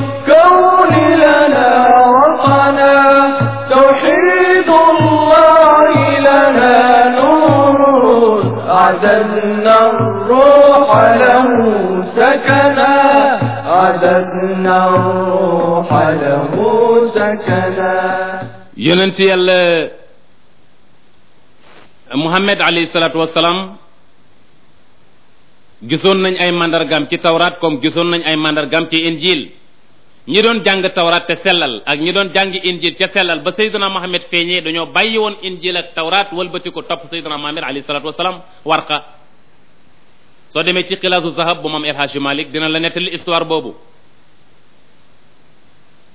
الكون لنا وطنا توحيد الله لنا نور أعددنا الروح له سكنا أعددنا الروح له سكنا yonent yàlla Muhammad alayhi salaatu wasalaam gisoon nañ ay mandargaam ci tawraat comme gisoon nañ ay mandargaam ci injil ñi doon jàng tawraat te sellal ak ñi doon jàng injil ca sellal ba sayduna Muhammad feeñee dañoo bàyyi woon injil ak tawraat walbati ko topp sayduna Muhammad alayhi salaatu wasalaam warqa soo demee ci xilaasu zahab bu moom El Hadji dina la nettali histoire boobu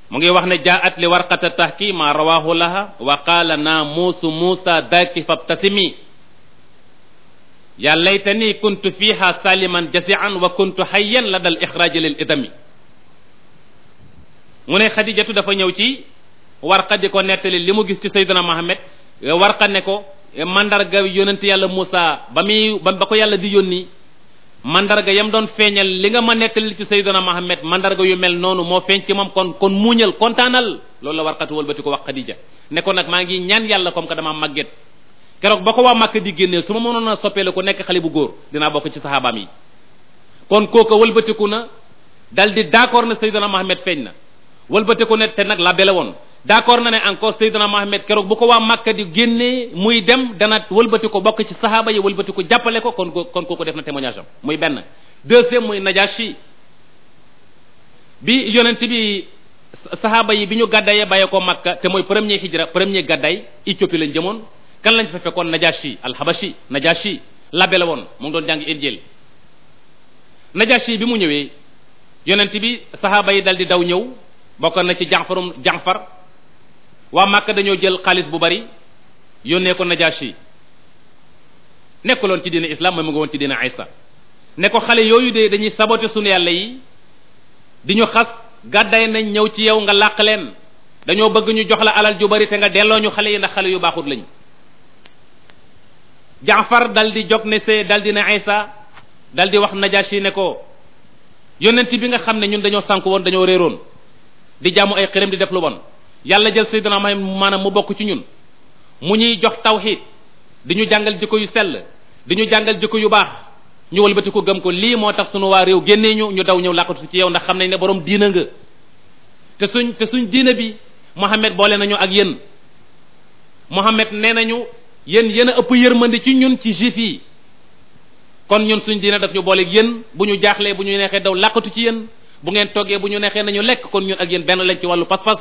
mu ngi wax ne jaat li warqata tahki ma rawahu laha wa qaala naamuusu muusa daki fabtasimi ya laytani kuntu fiha saliman jazian wa kuntu hayyan lada al ixraaji lil mu ne xadijatu dafa ñëw ci warqa di ko nettali li mu gis ci sayyidina Muhammad eh, warqa ne ko eh, mandarga yonent yàlla Moussa ba muy ba ko yàlla di yónni mandarga yam doon feeñal li nga ma nettali ci sayyidina Muhammad mandarga yu mel noonu moo feeñ ci moom kon kon muuñal kontaanal loolu la warqatu wëlbati ko wax xadija ne ko nag maa ngi ñaan yàlla comme que dama màgget keroog ba ko waa Màkka di génnee su ma mënoon a soppeele ko nekk xale bu góor dinaa bokk ci saxaabaam yi kon kooka wëlbatiku na dal di d'accord na sayyidina Muhammad feeñ na wëlbatiku ne te nag la bele woon d'accord na ne encore Seydina Mohamed keroog bu ko waa Makka di génnee muy dem dana wëlbati bokk ci saxaaba yi wëlbati ko jàppale ko kon kon kooku def na témoignage am muy benn deuxième muy Najashi bi yonent bi saxaaba yi bi ñu gàddayee bàyyee ko Makka te mooy premier hijra premier gàdday Éthiopie lañ jëmoon kan lañ fa fekkoon Najashi al-Habashi Najashi labbe la woon mu doon jàng Injil Najashi bi mu ñëwee yonent bi saxaaba yi dal di daw ñëw bokk na ci janfarum janfar waa màkk dañoo jël xaalis bu bari yónnee ko Najashi nekkuloon ci diina islam mooy mu ngi woon ci diina Isa ne ko xale yooyu de dañuy saboté sunu yàlla yi di ñu xas gàddaay nañ ñëw ci yow nga làq leen dañoo bëgg ñu jox la alal ju bari te nga delloo ñu xale yi ndax xale yu baaxut lañu jaafar dal di jog ne see dal di ne Isa dal di wax Najashi ne ko yonent bi nga xam ne ñun dañoo sànk woon dañoo réeroon di jàmm ay xërëm di def lu bon yàlla jël sayyidina maanaam mu bokk ci ñun mu ñuy jox tawxiid di ñu jàngal jikko yu sell di ñu jàngal jikko yu baax ñu walbati ko gëm ko lii moo tax sunu waa réew génnee ñu ñu daw ñëw làqatu ci yow ndax xam nañ ne borom diina nga te suñ te suñ diina bi Mohamed boole nañu ak yéen Mohamed nee nañu yën yéen a ëpp yërmande ci ñun ci juif yi kon ñun suñ diina daf ñu booleeg yéen bu ñu jaaxlee bu ñu neexee daw làqatu ci yéen bu ngeen toggee bu ñu neexee nañu lekk kon ñun ak yéen benn lañ ci wàllu pas-pas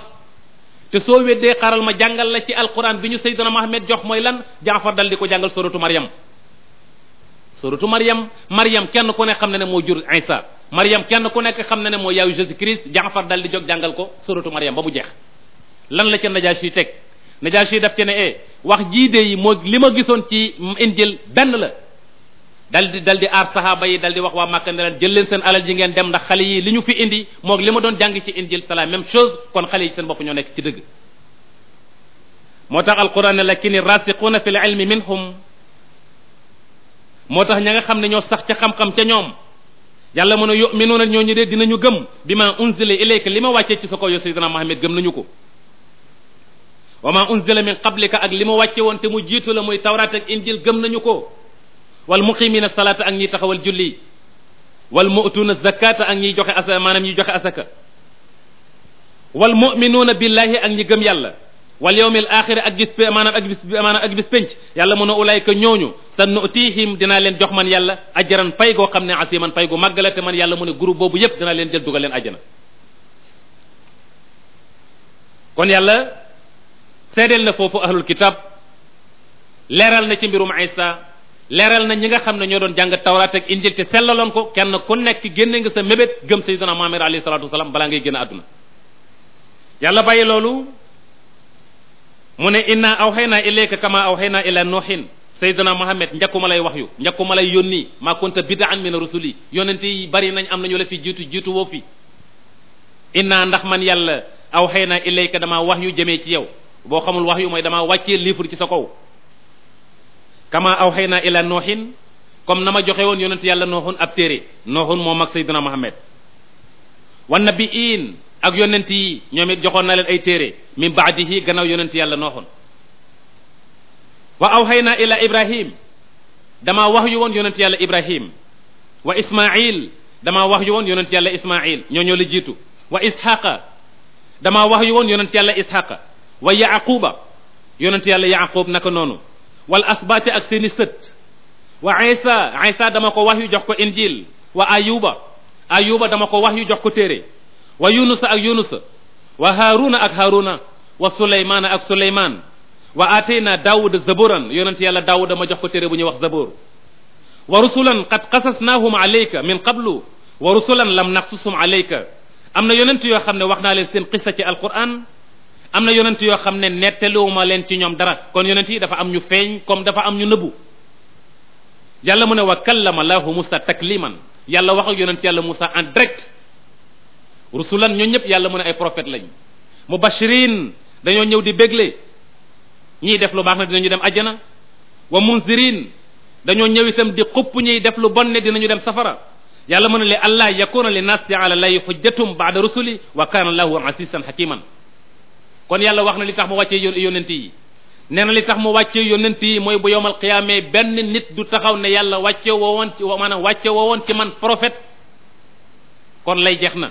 te soo weddee xaral ma jàngal la ci al alquran bi ñu sayyidina Muhammad jox mooy lan Jaafar dal ko jàngal suratu Maryam suratu Maryam Maryam kenn ku ne xam ne ne moo jur Isa Maryam kenn ku nekk xam ne ne moo yaayu Jésus Christ Jaafar dal di jóg jàngal ko suratu Maryam ba mu jeex lan la ca Najaashi teg Najaashi daf ci ne e wax jiidee yi moo li ma gisoon ci Injil benn la dal di dal di aar sahaaba yi dal di wax waa Màkka ne jël leen seen alal ji ngeen dem ndax xale yi li ñu fi indi moog li ma doon jàng ci injil salaam même chose kon xale yi seen bopp ñoo nekk ci dëgg moo tax alquran ne lakini rasiquuna fi l ilmi minhum moo tax ña nga xam ne ñoo sax ca xam-xam ca ñoom yàlla mën a yuminuuna ñoo ñu dee ñu gëm bi ma unzila ilayka li ma wàccee ci sa ko yow sayyidina Muhammad gëm nañu ko wa ma unzila min qablika ak li ma wàcce woon te mu jiitu la muy tawraat injil gëm nañu ko wal muqimina salaata ak ñiy taxawal julli wal mu'tuuna zakata ak ñiy joxe asa maanaam ñiy joxe asaka wal mu'minuuna billahi ak ñi gëm yàlla wal yawmil axiri ak gis maanaam ak bis maanaam ak bis penc yàlla mu ne ulayka ñooñu sa nutihim dinaa leen jox man yàlla ajran pay goo xam ne asiman pay gu màgg la man yàlla mu ne groupe boobu yépp dinaa leen jël dugal leen ajjana kon yàlla seedeel na foofu ahlul kitab leeral na ci mbirum Isa leeral na ñi nga xam ne ñoo doon jàng tawraat ak injil te sellaloon ko kenn ku nekk génne nga sa mébét gëm sayyidina Muhammad alayhi salaatu wasalaam balaa ngay génn àdduna yàlla bàyyi loolu mu ne inna awxaynaa ilayka kama awxaynaa ila nuuhin sayyidina Muhammad njakkuma lay wax yu njakkuma lay yónni maa kunta bid'an min rusuli yonente yi bari nañ am nañu la fi jiitu jiitu woo fi inna ndax man yàlla awxaynaa ilayka damaa wax yu jëmee ci yow boo xamul wax yu mooy damaa wàcce livre ci sa kaw kama aw xëy naa ila nooxin comme na ma joxe woon yonent yàlla nooxun ab téere moom ak sayyidina Muhammad wan nabiin ak yonent yi ñoom it joxoon na leen ay téere min baadihi gannaaw yonent yàlla nooxun wa aw xëy naa ila ibrahim damaa wax yu woon yonent yàlla ibrahim wa ismail damaa wax yu woon yonent yàlla ñoo ñoo jiitu wa ishaqa damaa wax yu woon yonent yàlla ishaqa wa yaquba yonent yàlla yaqub naka noonu wal asbaati ak seeni sët wa isa dama ko wax yu jox ko injil wa ayuba ayuba dama ko wax yu jox ko téere wa yunusa ak yunusa wa haaruna ak haaruna wa suleymaana ak suleymaan wa atayna daawuda zaburan yonent yàlla daawuda ma jox ko téere bu ñuy wax zabur wa rusulan qad qasasnaahum alayka min qablu wa rusulan lam naqsusum alayka am na yonent yoo xam ne wax naa leen seen qissa ci am na yonent yoo xam ne nettaliwuma leen ci ñoom dara kon yonent yi dafa am ñu feeñ comme dafa am ñu nëbbu yàlla mu ne wa kallama lahu Musa takliman yàlla wax ak yonent yàlla Musa en direct rusulan ñoo ñëpp yàlla mu ne ay prophètes lañ mubashirin dañoo ñëw di bégle ñiy def lu baax ne dinañu dem ajjana wa munzirin dañoo ñëw itam di xupp ñiy def lu bon ne dinañu dem safara yàlla mu ne li allah yakuna li naasi ala lay xujjatum baada rusuli wa kana lahu asisan hakiman kon yàlla wax na li tax mu wàccee yonent yi nee na li tax mu wàccee yonent yi mooy bu yowmal xiyaamee benn nit du taxaw ne yàlla wàcce woowoon ci maanaam wàcce woowoon ci man prophète kon lay jeex na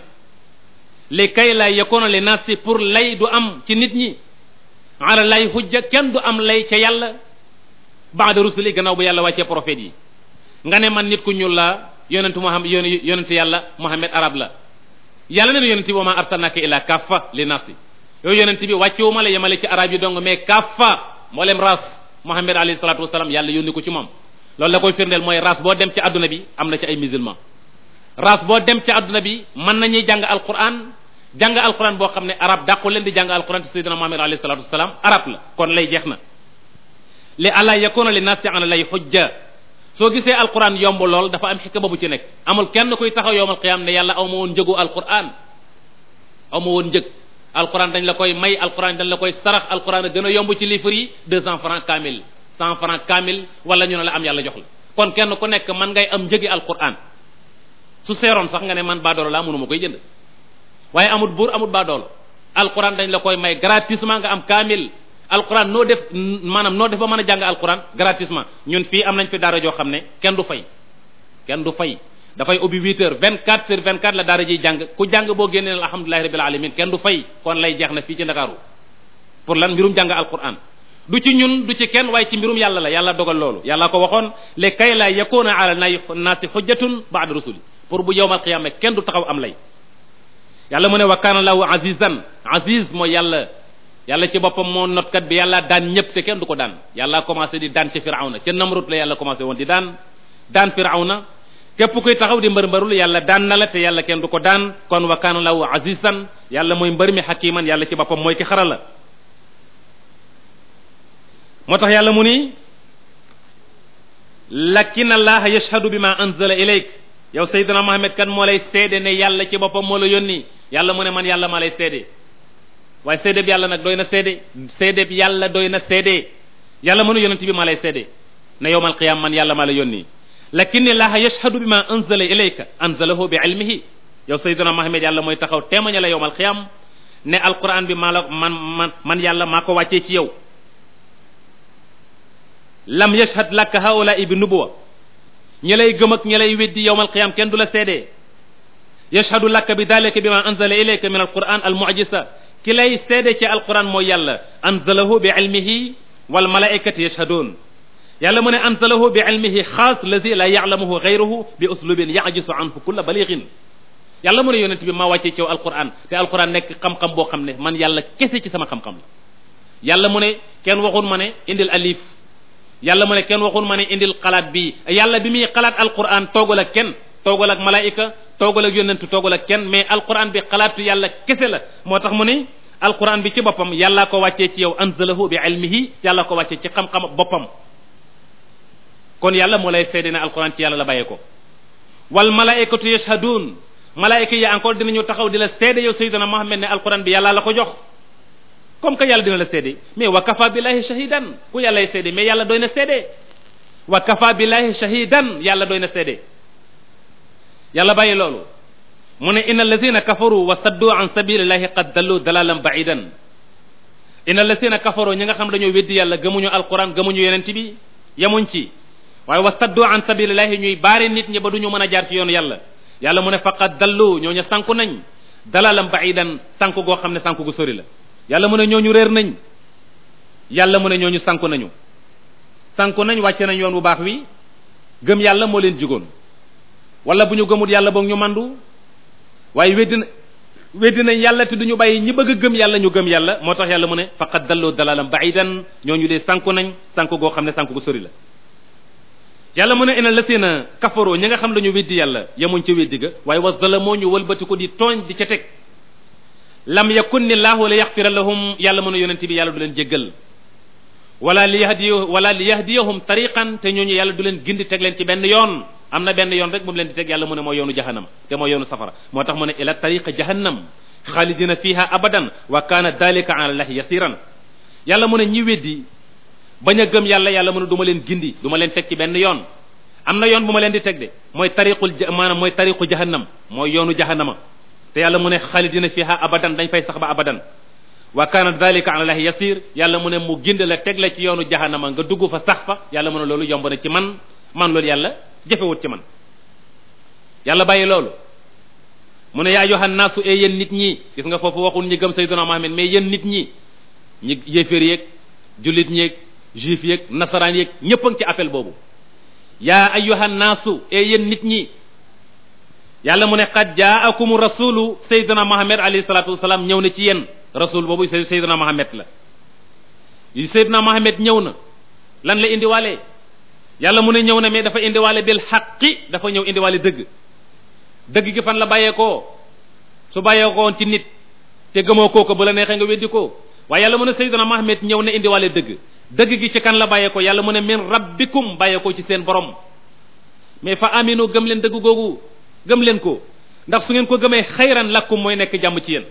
li kay la yakuna li naasi pour lay du am ci nit ñi ala lay xujja kenn du am lay ca yàlla baada rusuli gannaaw bu yàlla wàccee prophète yi nga ne man nit ku ñuul laa yonentu Muhammad yonent yàlla Muhammad arab la yàlla ne na yonent yi wa ma arsalnaka ila kaffa li naasi yooyu yonent bi wàccewu ma la yemale ci arab yi dong mais kaffa mboolem ras Muhammad alayhi salatu wasalaam yàlla yónni ko ci moom loolu la koy firndeel mooy ras boo dem ci àdduna bi am na ci ay musulman ras boo dem ci àdduna bi mën nañuy jàng al alquran jàng alquran boo xam ne arab dàqu leen di jàng alquran te sayyidina Muhammad alayhi salatu wasalaam arab la kon lay jeex na li ala yakuna li nasi ana lay xujja soo gisee alquran yomb lool dafa am ba bu ci nekk amul kenn kuy taxaw yowmal qiyaam ne yàlla aw ma woon njëgu alquran aw ma woon njëg alquran dañ la koy may alquran dañ la koy sarax alquran a gën a yomb ci livre yi deux cent francs kaamil cent francs kaamil wala ñu ne la am yàlla jox la kon kenn ku nekk man ngay am njëgi alquran su seeroon sax nga ne man baadoolo laa mënuma koy jënd waaye amut buur amut baadoolo alquran dañ la koy may gratuitement nga am kaamil alquran noo def maanaam noo def ba mën a jàng alquran gratuitement ñun fii am nañ fi daara joo xam ne kenn du fay kenn du fay dafay ubbi 8 heures 24 heures 24 la daara jiy jàng ku jàng boo génnee alhamdulilahi rabil alamin kenn du fay kon lay jeex na fii ci ndakaaru pour lan mbirum jàng alquran du ci ñun du ci kenn waaye ci mbirum yàlla la yàlla dogal loolu yàlla ko waxoon le kay la yakuna ala naasi xujjatun baada rusuli pour bu yowmal qiyaama kenn du taxaw am lay yàlla mu ne wa kaana lahu azizan aziz mooy yàlla yàlla ci boppam moo notkat bi yàlla daan ñëpp kenn du ko daan yàlla commencé di daan ci firawna ca namrut commencé woon di daan daan firawna képp kuy taxaw di mbër mbërul yàlla daan na la te yàlla kenn du ko daan kon wa kaana lahu azizan yàlla mooy mbër mi xakiman yàlla ci boppam mooy ki xara moo tax yàlla mu ni lakin allaha yashhadu bima anzala ilayk yow sayyidina Muhammad kan moo lay seede ne yàlla ci boppam moo la yoon yónni yàlla mu ne man yàlla maa lay seede waaye seedeeb yàlla nag doy na seede seedeeb yàlla doy na seede yàlla ma ne yonent bi maa lay seede ne yowmal qiyaam man yàlla maa la yónni lakin illaaha yashhadu bi ma anzala ilayka anzalahu bi ilmihi yow sayyiduna Muhammad mooy taxaw téemaña la yowmal xiyaam ne alquran bi maa la man man man yàlla maa ko wàccee ci yow lam yashhad laka haulaai bi nubuwa ñi lay gëm ak ñi lay weddi yowmal xiyaam kenn du la seedee yashhadu laka bi dalika bi ma anzala ilayka min alquran almujiza ki lay sede ci alquran mooy yàlla anzalahu bi ilmihi wal malaikati yashhadun yàlla mu ne anzalahu bi ilmihi xaas lazi la ya'lamuhu ghayruhu bi uslubin ya'jisu anhu kulla balighin yàlla mu ne yonent bi ma wàccee ci alquran te alquran nekk xam-xam boo xam ne man yàlla kese ci sama xam-xam la yàlla mu ne kenn waxul ma ne indil alif yàlla mu ne kenn waxul ma ne indil xalaat bii yàlla bi muy xalaat alquran toogal ak kenn toogal ak malaayika toogal ak yonentu toogal ak kenn mais alquran bi xalaatu yàlla kese la moo tax mu ne alquran bi ci boppam yàllaa ko wàccee ci yow anzalahu bi ilmihi yàllaa ko wàccee ci xam boppam kon yàlla moo lay seede ne alquran ci yàlla la bàyyee ko wal malaikatu yashhadun malaayka yi taxaw di la seede yow sayyidina Muhammad ne alquran bi yàlla la ko jox comme que yàlla dina la seede mais wa kafa billahi shahidan ku yàllay seede mais yàlla doy na seede wa kafa billahi shahidan yàlla doy na seede yàlla bàyyi loolu mu ne inna allazina kafaru wa saddu an sabilillahi qad dallu dalalan baidan inna allazina kafaru ñi nga xam dañoo weddi yàlla gëmuñu alquran ñu yeneen ci bi yemuñ ci waaye wasaddu an sabilillahi ñuy baare nit ñi ba du mën a jaar ci yoonu yàlla yàlla mu ne faqad dallu ñoo ña sànku nañ dalalam baidan sànku goo xam ne sànku gu sori la yàlla mu ne ñooñu réer nañ yàlla mu ne ñooñu sànku nañu sànku nañ wàcce nañ yoon bu baax wi gëm yàlla moo leen jigoon wala bu ñu gëmut yàlla boog ñu mandu waaye weddi na weddi nañ yàlla te du ñu gëm yàlla ñu gëm yàlla moo tax yàlla mu ne faqad dallu dalalam baidan ñooñu dee sànku nañ sànku goo xam ne sànku gu sori la yàlla mu a ina lasina kafaroo ñi nga xam dañu weddi yàlla yemuñ ca weddi ga waaye wa zalamoo ñu wëlbati ko di tooñ di ca teg lam yakun ni laahu la yaxfira lahum yàlla mu ne yonent bi yàlla du leen jéggal wala li yahdi wala li yahdiyahum tariqan te ñooñu yàlla du leen gindi teg leen ci benn yoon am na benn yoon rek bu mu leen di teg yàlla mu ne moo yoonu jahannam te moo yoonu safara moo tax mu ne ila tariqa jahannam xaalidina fiha a wa kaana dalika ala llahi yasiran yàlla mu ne ñi weddi bañ a gëm yàlla yàlla mënu a duma leen gindi du leen teg ci benn yoon am na yoon bu ma leen di teg de mooy tariqul maanaam mooy tariqu jahannam mooy yoonu jahannama te yàlla mu ne xaalidina fiha abadan dañ fay sax ba abadan wa kana dalika ala llahi yasir yàlla mu ne mu gind la teg la ci yoonu jahannama nga dugg fa sax fa yàlla mu ne loolu yomb na ci man man loolu yàlla jëfewut ci man yàlla bàyyi loolu mu ne yaa yohan naasu e yéen nit ñi gis nga foofu waxul ñi gëm sayyiduna Muhammad mais yéen nit ñi ñi yéeféer yeeg jullit juif yeeg nasaraan yeeg ñëpp ci appel boobu yaa ayyuha naasu e yéen nit ñi yàlla mu ne qad jaakum rasulu sayduna Mohamed alayhi salatu ñëw na ci yenn rasul boobu sayduna Mohamed la yu sayduna Mohamed ñëw na lan la indiwaale yàlla mu ne ñëw na mais dafa indiwaale bil xaqi dafa ñëw indiwaale dëgg dëgg gi fan la bàyyeekoo su bàyyeekoo ci nit te gëmoo kooku ba la neexee nga weddi ko waaye yàlla mu ne sayduna Mohamed ñëw na indiwaale dëgg dëgg gi ci kan la bàyyee ko yàlla mu ne min rabbikum bàyyee ko ci seen borom mais fa aminu gëm leen dëgg googu gëm leen ko ndax su ngeen ko gëmee xayran lakkum mooy nekk jàmm ci yéen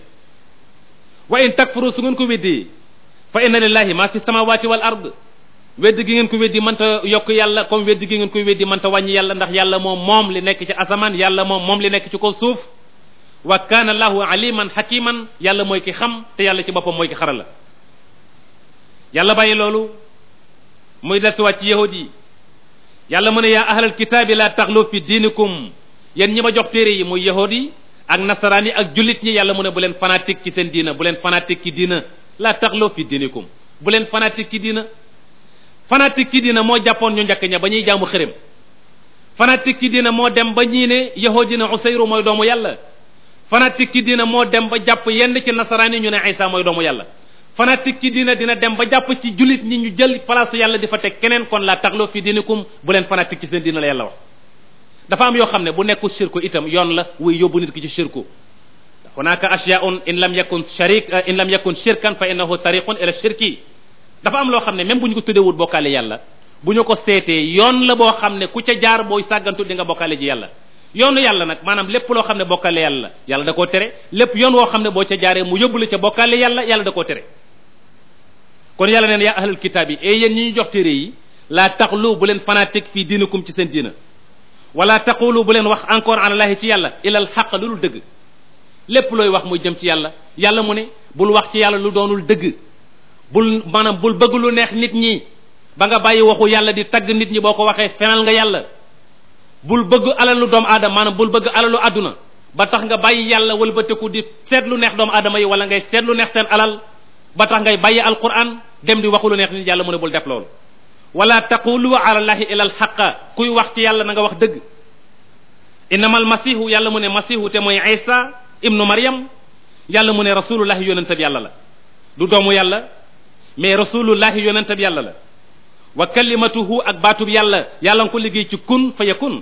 wa in takfuru su ngeen ko weddi fa inna lillahi ma fi samawati wal ard weddi gi ngeen ko weddi mënta yokk yàlla comme weddi gi ngeen koy weddi mënta wàññi yàlla ndax yàlla moom moom li nekk ci asamaan yàlla moom moom li nekk ci ko suuf wa kana lahu aliman hakiman yàlla mooy xam te yàlla ci boppam mooy ki xarala yàlla bàyyi loolu muy dellusiwaat ci yahud yi yàlla mu ne yaa ahlal kitaabi laa taxlu fi diinikum yéen ñi ma jox téere yi muy yahud yi ak nasaraan yi ak jullit ñi yàlla mu ne bu leen fanatique ci seen diina bu leen fanatique ci diina laa taxlu fi diinikum bu leen fanatique ci diina fanatique ci diina moo jàppoon ñu njëkk ña ba ñuy jaamu xërëm fanatique ci diina moo dem ba ñii ne yahud yi ne Usayru mooy doomu yàlla fanatique ci diina moo dem ba jàpp yenn ci nasaraan yi ñu ne Isa mooy doomu yàlla fanatique ci diina dina dem ba jàpp ci jullit ñi ñu jël place yàlla di fa teg keneen kon la taxloo fi diinikum bu leen fanatique ci seen diina la yàlla wax dafa am yoo xam ne bu nekkul shirku itam yoon la wuy yóbbu nit ki ci shirku hunaka ashyaun in lam yakun sharik euh, in lam yakun shirkan fa innahu tariqun ila shirki dafa am loo xam ne même bu ñu ko tuddewul bokkaale yàlla bu ñu ko seetee yoon la boo xam ne ku ca jaar booy sàggantu di nga bokkaale ji yàlla yoonu yàlla nag maanaam lépp loo xam ne bokkaale yàlla yàlla da koo tere lépp yoon woo xam ne boo ca jaaree mu yóbbu la ca yàlla yàlla da koo kon yàlla neen yaa ahlal kitaab yi e yéen ñi ñu jox téere yi laa taxlu bu leen fanatique fii diinakum ci seen diina wala taqulu bu leen wax encore an laahi ci yàlla ilal xaq lu dul dëgg lépp looy wax muy jëm ci yàlla yàlla mu ne bul wax ci yàlla lu doonul dëgg bul maanaam bul bëgg lu neex nit ñi ba nga bàyyi waxu yàlla di tagg nit ñi boo ko waxee fenal nga yàlla bul bëgg alalu doomu aadama maanaam bul bëgg alalu àdduna ba tax nga bàyyi yàlla wëlbateku di seetlu neex doomu aadama yi wala ngay ba tax ngay bàyyi alquran dem di waxu lu neex nit yàlla mu ne bul def loolu wala taqulu ala llahi ila alxaqa kuy wax ci yàlla na nga wax dëgg innama almasihu yàlla mu ne masihu te mooy isa ibnu mariam yàlla mu ne rasulullahi yonentab yàlla la du doomu yàlla mais rasulullahi yonentab yàlla la wa kalimatuhu ak baatub yàlla yàlla nga ko liggéey ci kun fa yakun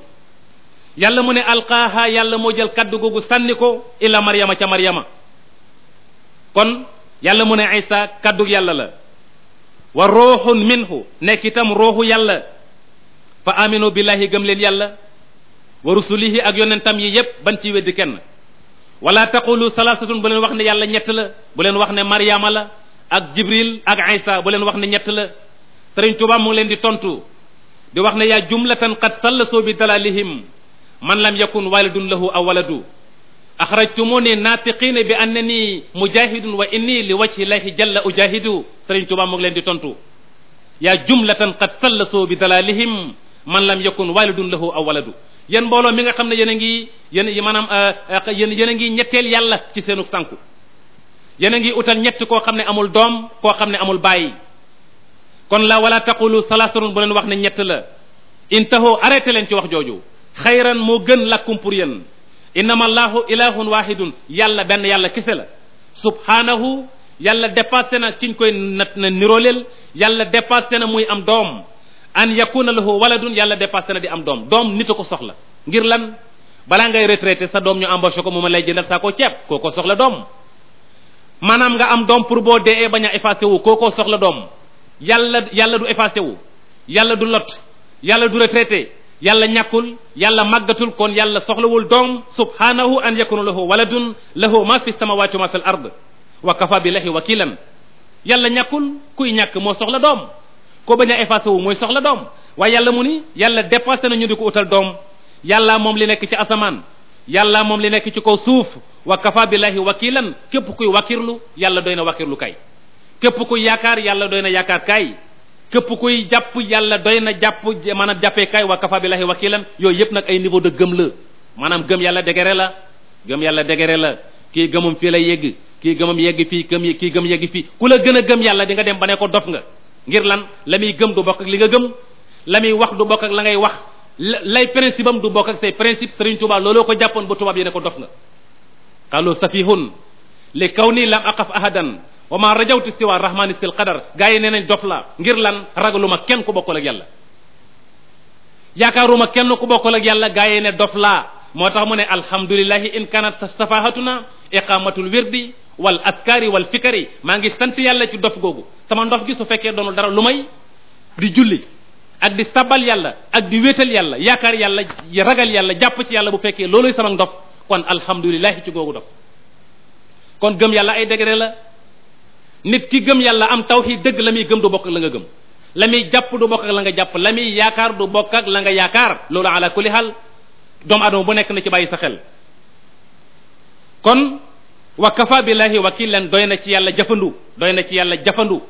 yàlla mu ne alqaaha yàlla moo jël kaddu googu sànni ko ila mariama ca mariama kon yàlla mu ne Isa kàddu yàlla la wa ruuxun minhu nekk itam ruuxu yàlla fa aminu billahi gëm leen yàlla wa rusulihi ak yonentam yi yépp ban ci weddi kenn wala taqulu salaasatun bu leen wax ne yàlla ñett la bu leen wax ne Maryama la ak Jibril ak Isa bu leen wax ne ñett la Sëriñ Tuubaa mu leen di tontu di wax ne yaa jumlatan qad sallasoo bi dalalihim man lam yakun walidun lahu aw waladu axrajtumuni naatiqiina bi annani mujahidun wa inni li wajhi llahi jalla ujahidu sëriñ Tuubaa mu ngi leen di tontu yaa jumlatan qad sallasoo bi dalalihim man lam yakun walidun lahu aw waladu yéen mbooloo mi nga xam ne yéen a ngi yéen maanaam euh, euh, yéen yéen a ngi ñetteel yàlla ci seenu sànku yéen a ngi utal ñett koo xam ne amul doom koo xam ne amul bàyyi kon la walaa taqulu salaasarun bu leen wax ne ñett la intaho arrêté leen ci wax jooju xayran moo gën lakkum pour yéen innama allahu ilahun wahidun yàlla benn yàlla kese la subhanahu yàlla dépassé na ki ñu koy nat na nirooleel yàlla dépassé na muy am doom an yakuna lahu waladun yàlla dépassé di am doom doom nit a ko soxla ngir lan balaa ngay retraité sa doom ñu embauché ko moom ma lay jëndal saa koo ceeb kookoo soxla doom maanaam nga am doom pour boo dee bañ a effacé wu kookoo soxla doom yàlla yàlla du effacé wu yàlla du lot yàlla du retraité yàlla ñàkkul yàlla màggatul koon yàlla soxlawul doom subhanahu an yakuna lahu waladun lahu ma fi samawati wa ma fi l ard wa kafa billahi wakilan yàlla ñàkkul kuy ñàkk moo soxla doom ko bañ a effacé wu mooy soxla doom waaye yàlla mu ni yàlla dépassé na ñu di ko utal doom yàlla moom li nekk ci asamaan yàlla moom li nekk ci kaw suuf wa kafa billahi wakilan képp kuy wakirlu yàlla doy na wakirlu kay képp kuy yaakaar yàlla doy na yaakaar kay këpp kuy jàpp yàlla doy na jàpp maanaam jàppeekaay wa kafa billahi wakilan yooyu yëpp nag ay niveau de gëm la maanaam gëm yàlla degere la gëm yàlla degere la kii gëmum fii la yegg kii gëmum yegg fii gëm kii gëm yegg fii ku la gën a gëm yàlla di nga dem ba ne ko dof nga ngir lan la muy gëm du bokk ak li nga gëm la muy wax du bokk ak la ngay wax lay principe am du bokk ak say principe Serigne Touba looloo ko jàppoon ba tubaab yi ne ko dof nga xalo safihun li kaw nii lam aqaf wa maa rajawtu siwa rahmani sil qadar gaa yi nee nañ dof la ngir lan ragaluma kenn ku bokkul ak yàlla yaakaaruma kenn ku bokkul ak yàlla gaa yi ne dof laa moo tax mu ne alhamdulilahi in kanat safahatuna iqamatul wirdi wal askari wal fikari maa ngi sant yàlla ci dof googu sama ndof gi su fekkee doonul dara lu may di julli ak di sabal yàlla ak di wéetal yàlla yaakaar yàlla ragal yàlla jàpp ci yàlla bu fekkee looluy sama ndof kon alhamdulilahi ci googu nit ki gëm yàlla am tawxiid dëgg la muy gëm du bokk la nga gëm la muy jàpp du bokk la nga jàpp la muy yaakaar du bokk ak la nga yaakaar loolu ala kulli xaal doomu adama bu nekk na ci bàyyi sa xel kon wa kafa billahi leen doy na ci yàlla jafandu doy na ci yàlla jafandu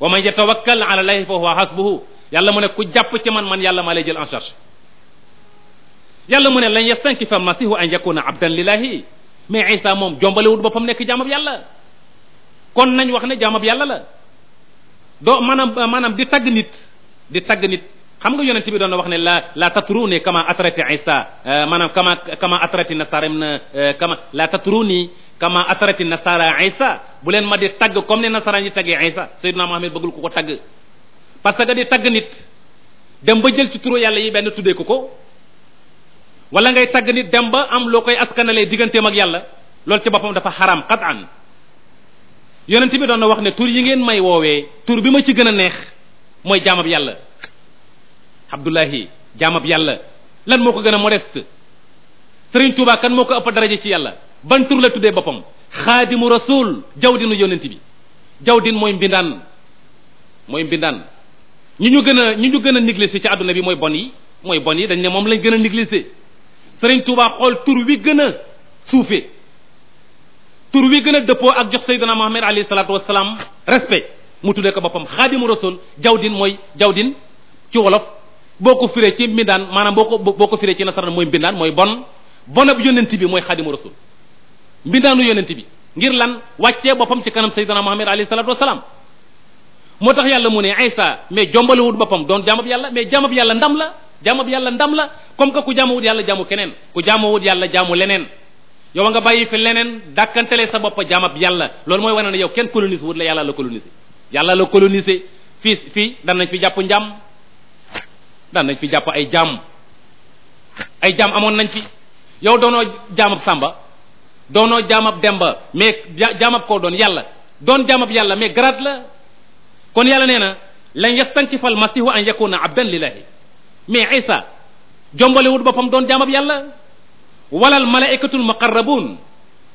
wa man yatawakkal ala llahi fa huwa hasbuhu yàlla mu ne ku jàpp ci man man yàlla maa lay jël en charge yàlla mu ne lan yastankifa masihu an yakuna abdan lillahi mais isa moom jombalewul kon nañ wax ne jaamab yàlla la doo maanaam maanaam di tagg nit di tagg nit xam nga yonent bi doon na wax ne la la tatruni kama atrati isa euh, maanaam kama kama atrati nasara na euh, kama la tatruni kama atrati nasara isa bu leen ma di tagg comme ne nasara ñi taggee isa sayyidina Muhammad bëggul ku ko tagg parce que di tagg nit dem ba jël ci turu yàlla yi benn tuddee ko ko walla ngay tagg nit dem ba am loo koy askanalee digganteem ak yàlla loolu ci boppam dafa xaram qat'an yonent bi doon na wax ne tur yi ngeen may woowee tur bi ma ci gën a neex mooy jaamab yàlla abdullahi jaamab yàlla lan moo ko gën a modeste Serigne Touba kan moo ko ëpp daraja ci yàlla ban tur la tuddee boppam xaadimu rasul jawdinu yonent bi jawdin mooy mbindaan mooy mbindaan ñu ñu gën a ñu ñu gën a négliger ci àdduna bi mooy bon yi mooy bon yi dañ ne moom lañ gën a négliger Serigne tuubaa xool tur wi gën a suufee tur wi gën a dëppoo ak jox sayyidina Muhammad alayhi salaatu wasalaam respect mu tuddee ko boppam xaadimu rasul jawdin mooy jawdin ci wolof boo ko firee ci mbindaan maanaam boo ko boo ko firee ci nasaraan mooy mbindaan mooy bon bonab yonent bi mooy xaadimu rasul mbindaanu yonent bi ngir lan wàccee boppam ci kanam sayyidina Muhammad alayhi salaatu wasalaam moo tax yàlla mu ne Isa mais jombalewut boppam doon jaamab yàlla mais jaamab yàlla ndam la jaamab yàlla ndam la comme que ku jaamuwut yàlla jaamu keneen ku jaamuwut yàlla jaamu leneen yow nga bàyyi fi leneen dàkkantele sa bopp jaamab yàlla loolu mooy wane ne yow kenn colonisé wut la yàlla la colonisé yàlla la colonisé fii fii daan nañ fi jàpp njàmm daan nañ fi jàpp ay jaam ay jaam amoon nañ fi yow doonoo jaamab sàmba doonoo jaamab demba mais jaamab koo doon yàlla doon jaamab yàlla mais grade la kon yàlla nee na lan yastankifa almasihu an yakuna abdan lillahi mais isa jombale wut boppam doon jaamab yàlla walal malaikatul muqarrabun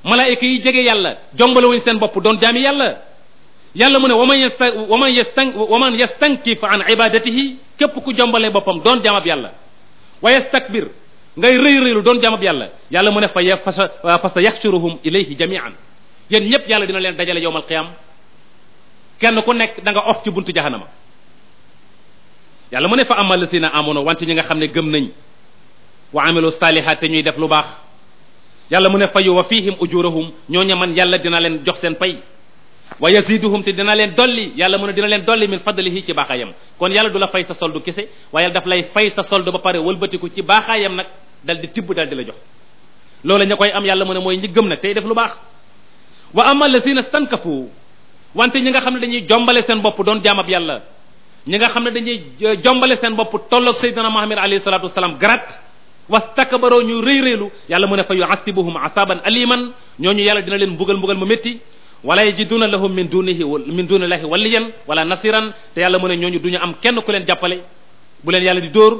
malaayika yi jege yàlla jombale seen bopp doon jaami yàlla yàlla mu ne waman yasta waman yastan waman yastankif an ibadatihi képp ku jombale boppam doon jaamab yàlla wa yastakbir ngay rëy rëylu doon jaamab yàlla yàlla mu ne fa fa fa sa yaxshuruhum ilayhi jamian yéen ñépp yàlla dina leen dajale yowmal qiyam kenn ku nekk da nga of ci buntu jahanama mu ne fa amal lasina amono wante ñi nga xam ne gëm nañ waa amilu saalihaat te ñuy def lu baax yàlla mu ne fayu wa fihim ujurahum ñooña man yàlla dina leen jox seen pay wa yaziduhum te dina leen dolli yàlla mu ne dina leen dolli min fadlihi ci baaxaayam kon yàlla du la fay sa kese waaye daf lay fay sa soldu ba pare wëlbatiku ci baaxaayam nag dal di tibb dal di la jox loola ña koy am yàlla mu ne mooy ñi gëm nag tey def lu baax wa ama lazina stankafu wante ñi nga xam ne dañuy jombale seen bopp doon jaamab yàlla ñi nga xam ne dañuy jombale seen bopp tolloog sayyidina Muhammad alayhi salatu salaam garat wastakbaroo ñu rëy rëylu yàlla mu ne fa yu'assibuhum asaban aliman ñooñu yàlla dina leen mbugal mbugal mu métti wala yajiduna lahum min dunihi min dunillahi waliyan wala nasiran te yàlla mu ne ñooñu du ñu am kenn ku leen jàppale bu leen yàlla di dóor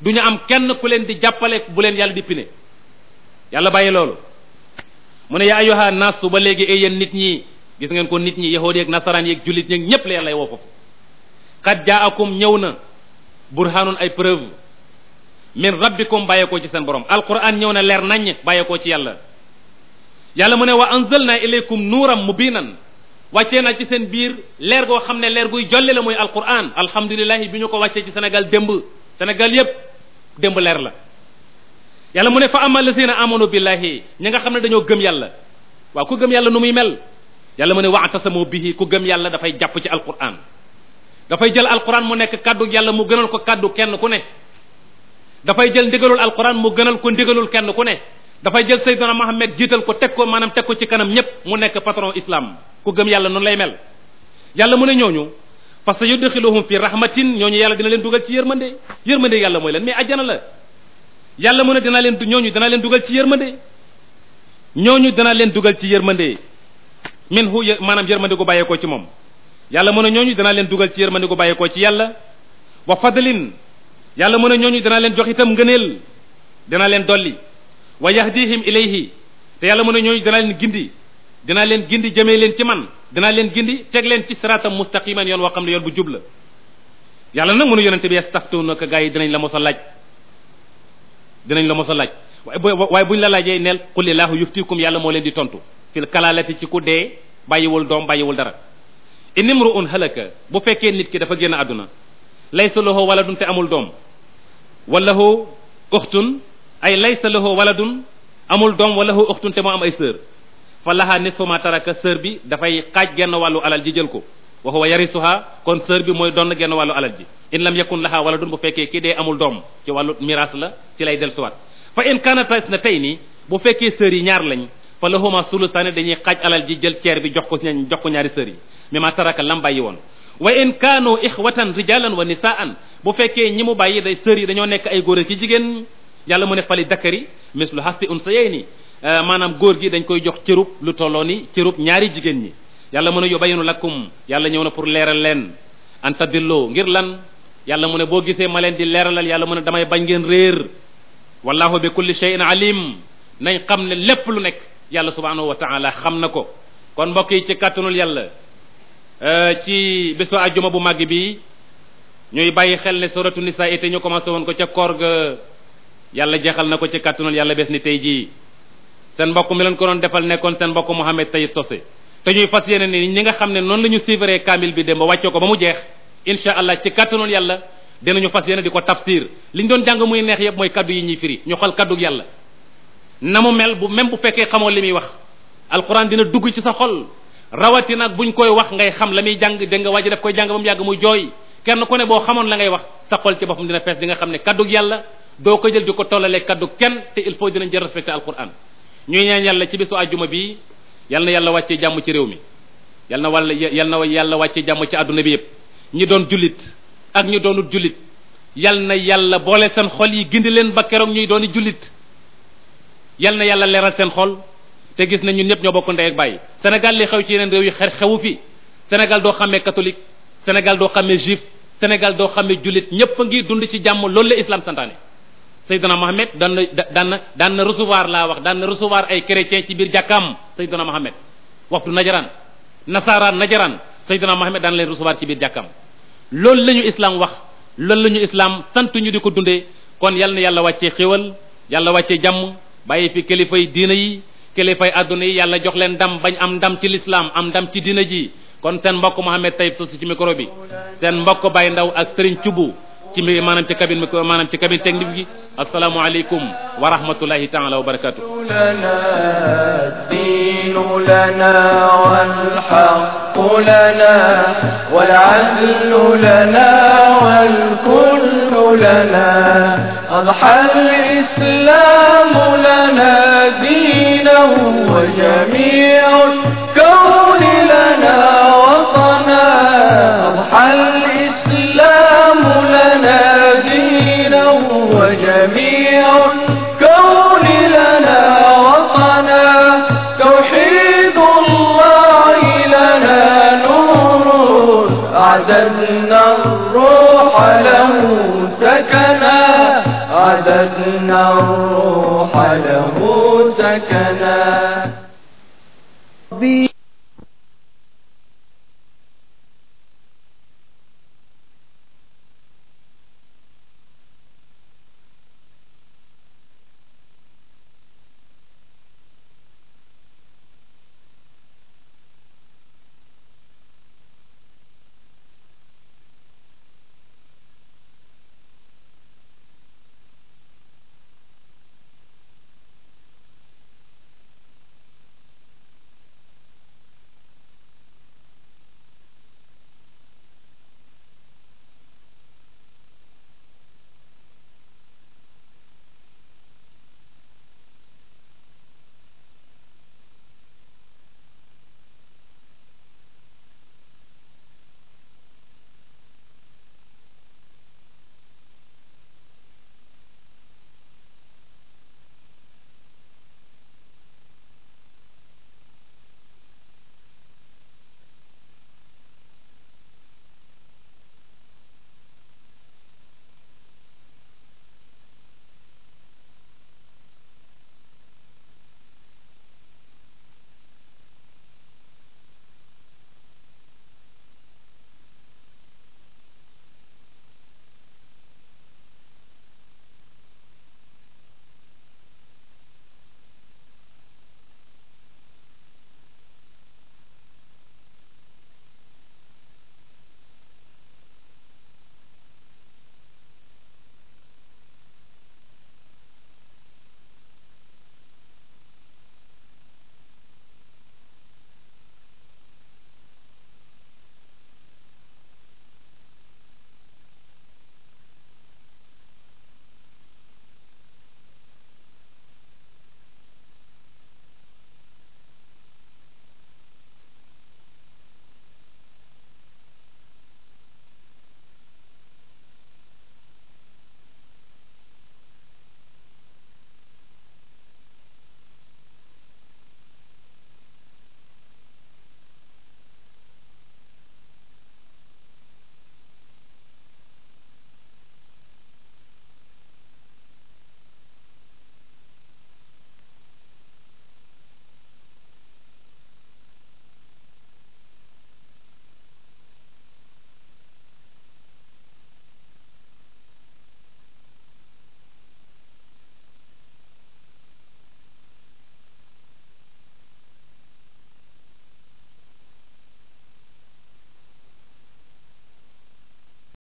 du ñu am kenn ku leen di jàppale bu leen yàlla di pine yàlla bàyyi loolu mu ne yaa ayyuha naasu ba léegi ay yéen nit ñi gis ngeen ko nit ñi yahood yeeg nasaraan yeeg jullit ñeeg ñépp la yàlla woo foofu xat jaa akum ñëw na burhanun ay preuve min rabbikum bàyyeekoo ci seen borom alquran ñëw na leer naññ bàyyeekoo ci yàlla yàlla mu ne wax anzalna ilaykum nuuram mubinan wàccee na ci seen biir leer goo xam ne leer guy jolle la muy alquran alhamdulilahi bi ñu ko wàccee ci Sénégal démb Sénégal yépp démb leer la yàlla mu ne fa amal lazina amanu billahi ñi nga xam ne dañoo gëm yàlla waaw ku gëm yàlla nu muy mel yàlla mu ne wax wa'tasamu bihi ku gëm yàlla dafay jàpp ci alquran dafay jël alquran mu nekk kàddu yàlla mu gënal ko kàddu kenn ku ne dafay jël ndigalul alquran mu gënal ko ndigalul kenn ku ne dafay jël sayyidina Muhammad jiital ko teg ko maanaam teg ko ci kanam ñépp mu nekk patron islam ku gëm yàlla noonu lay mel yàlla mu ne ñooñu fa sa yudxiluhum fi rahmatin ñooñu yàlla dina leen dugal ci yërmande yërmande yàlla mooy leen mais ajjana la yàlla mu ne dina leen ñooñu dina leen dugal ci yërmande ñooñu dina leen dugal ci yërmande min hu maanaam yërmande gu bàyyeekoo ci moom yàlla mu ne ñooñu dina leen dugal ci yërmande gu bàyyeekoo ci yàlla wa fadlin yàlla mën a ñooñu dana leen jox itam ngëneel dana leen dolli wa yahdihim ilayhi te yàlla mën a ñooñu dana leen gindi dana leen gindi jëmee leen ci man dana leen gindi teg leen ci siraatam mustaqiman yoon woo xam ne yoon bu jub la yàlla nag mënu yonente bi yastaftuunaka gaa yi dinañ la mos a laaj dinañ la mos a laaj waaye bu waaye buñ la laajee neel qulillaahu yuftikum yàlla moo leen di tontu fil kalaalati ci ku dee bàyyiwul doom bàyyiwul dara inimruun halaka bu fekkee nit ki dafa génn àdduna laysa lahu waladun te amul doom walahu uxtun ay laysa lahu waladun amul doom walahu uxtun te moo am ay sœur fa laha nisfu ma taraka sœur bi dafay xaaj genn wàllu alal ji jël ko wa huwa yarisuha kon sœur bi mooy doon genn wàllu alal ji in lam yakun laha waladun bu fekkee kii dee amul doom ci wàllu miraas la ci lay dellusiwaat fa in kanatas na tey nii bu fekkee sœurs yi ñaar lañ fa lahuma sulusaani dañuy xaaj alal ji jël ceer bi jox ko ñañ jox ko ñaari sœurs yi mi mimma taraka lam bàyyi woon wa in kaanu ixwatan rijalan wa nisaan bu fekkee ñi mu bàyyi day sër yi dañoo nekk ay góor ci jigéen yàlla mu ne fali dakari mislu hasti unsayayni euh, maanaam góor gi dañ koy jox cërub lu tolloo ni cërub ñaari jigéen ñi yàlla mu ne yubayinu lakum yàlla ñëw na pour leeral leen anta tadilloo ngir lan yàlla mu ne boo gisee ma leen di leeralal yàlla mu ne damay bañ ngeen reer wallahu bi kulli shay'in alim nañ xam ne lépp lu nekk yàlla subhanahu wa taala xam na ko kon mbokk yi ci kàttanul Euh, ci bésu ajjuma bu màgg bi ñuy bàyyi xel ne suratu nisaa it ñu commencé woon ko ca koor ga yàlla jeexal na ko ci kàttanul yàlla bés ni tey jii seen mbokk mi leen ko doon defal nekkoon seen mbokk Mouhamed Taïb Socé te ñuy fas yéene ni ñi nga xam ne noonu la ñu suivre kaamil bi dem ba wàcce ko ba mu jeex incha allah ci kàttanul yàlla dinañu fas yéene di ko tafsir li ñu doon jàng muy neex yëpp mooy kaddu yi ñuy firi ñu xool kaddu yàlla na mu mel bu même bu fekkee xamoo li muy wax ci sa xol rawati nag buñ koy wax ngay xam la muy jàng dégg nga waa daf koy jàng ba mu yàgg muy jooy kenn ku ne boo xamoon la ngay wax sa xol ci boppam dina fees di nga xam ne kaddug yàlla doo ko jël di ko tollalee kaddug kenn te il faut dinañ jël respecté alquran ñuy ñaan yàlla ci bisu àjjuma bii yal na yàlla wàccee jàmm ci réew yal na wàll yal na yàlla wàccee jàmm ci àdduna bi yëpp ñi doon jullit ak ñu doonut jullit yal na yàlla boole seen yi gindi leen ba keroog ñuy dooni jullit yal na yàlla leeral seen xol te gis nañ ñun ñëpp ñoo bokk ndey ak bàyyi Sénégal li xew ci yeneen réew yi xer xewu fi doo xàmmee catholique Sénégal doo xàmmee juif Sénégal doo xàmmee jullit ñëpp a ngi dund ci jàmm loolu la islam santaane Seydina Mohamed daan na daan na daan na recevoir laa wax daan na recevoir ay chrétien ci biir jàkkaam Seydina Mohamed waxtu najaraan nasaaraan najaraan Seydina Mohamed daan leen recevoir ci biir jàkkaam loolu la ñu islam wax loolu la ñu islam sant ñu di ko dundee yàlla wàccee xéwal yàlla wàccee jàmm bàyyi kilifay àdduna yi yàlla jox leen ndam bañ am ndam ci lislaam am ndam ci dina ji kon seen mbokk Mouhamed Tayib Sow si ci micro bi seen mbokk Baye Ndaw ak Serigne Thioubou ci mbir maanaam ci cabine micro maanaam ci cabine technique bi asalaamualeykum wa rahmatullahi taala wa الحق لنا والعدل لنا والكل لنا أضحى الإسلام لنا دينا وجميع عددنا الروح له سكنا عددنا الروح له سكنا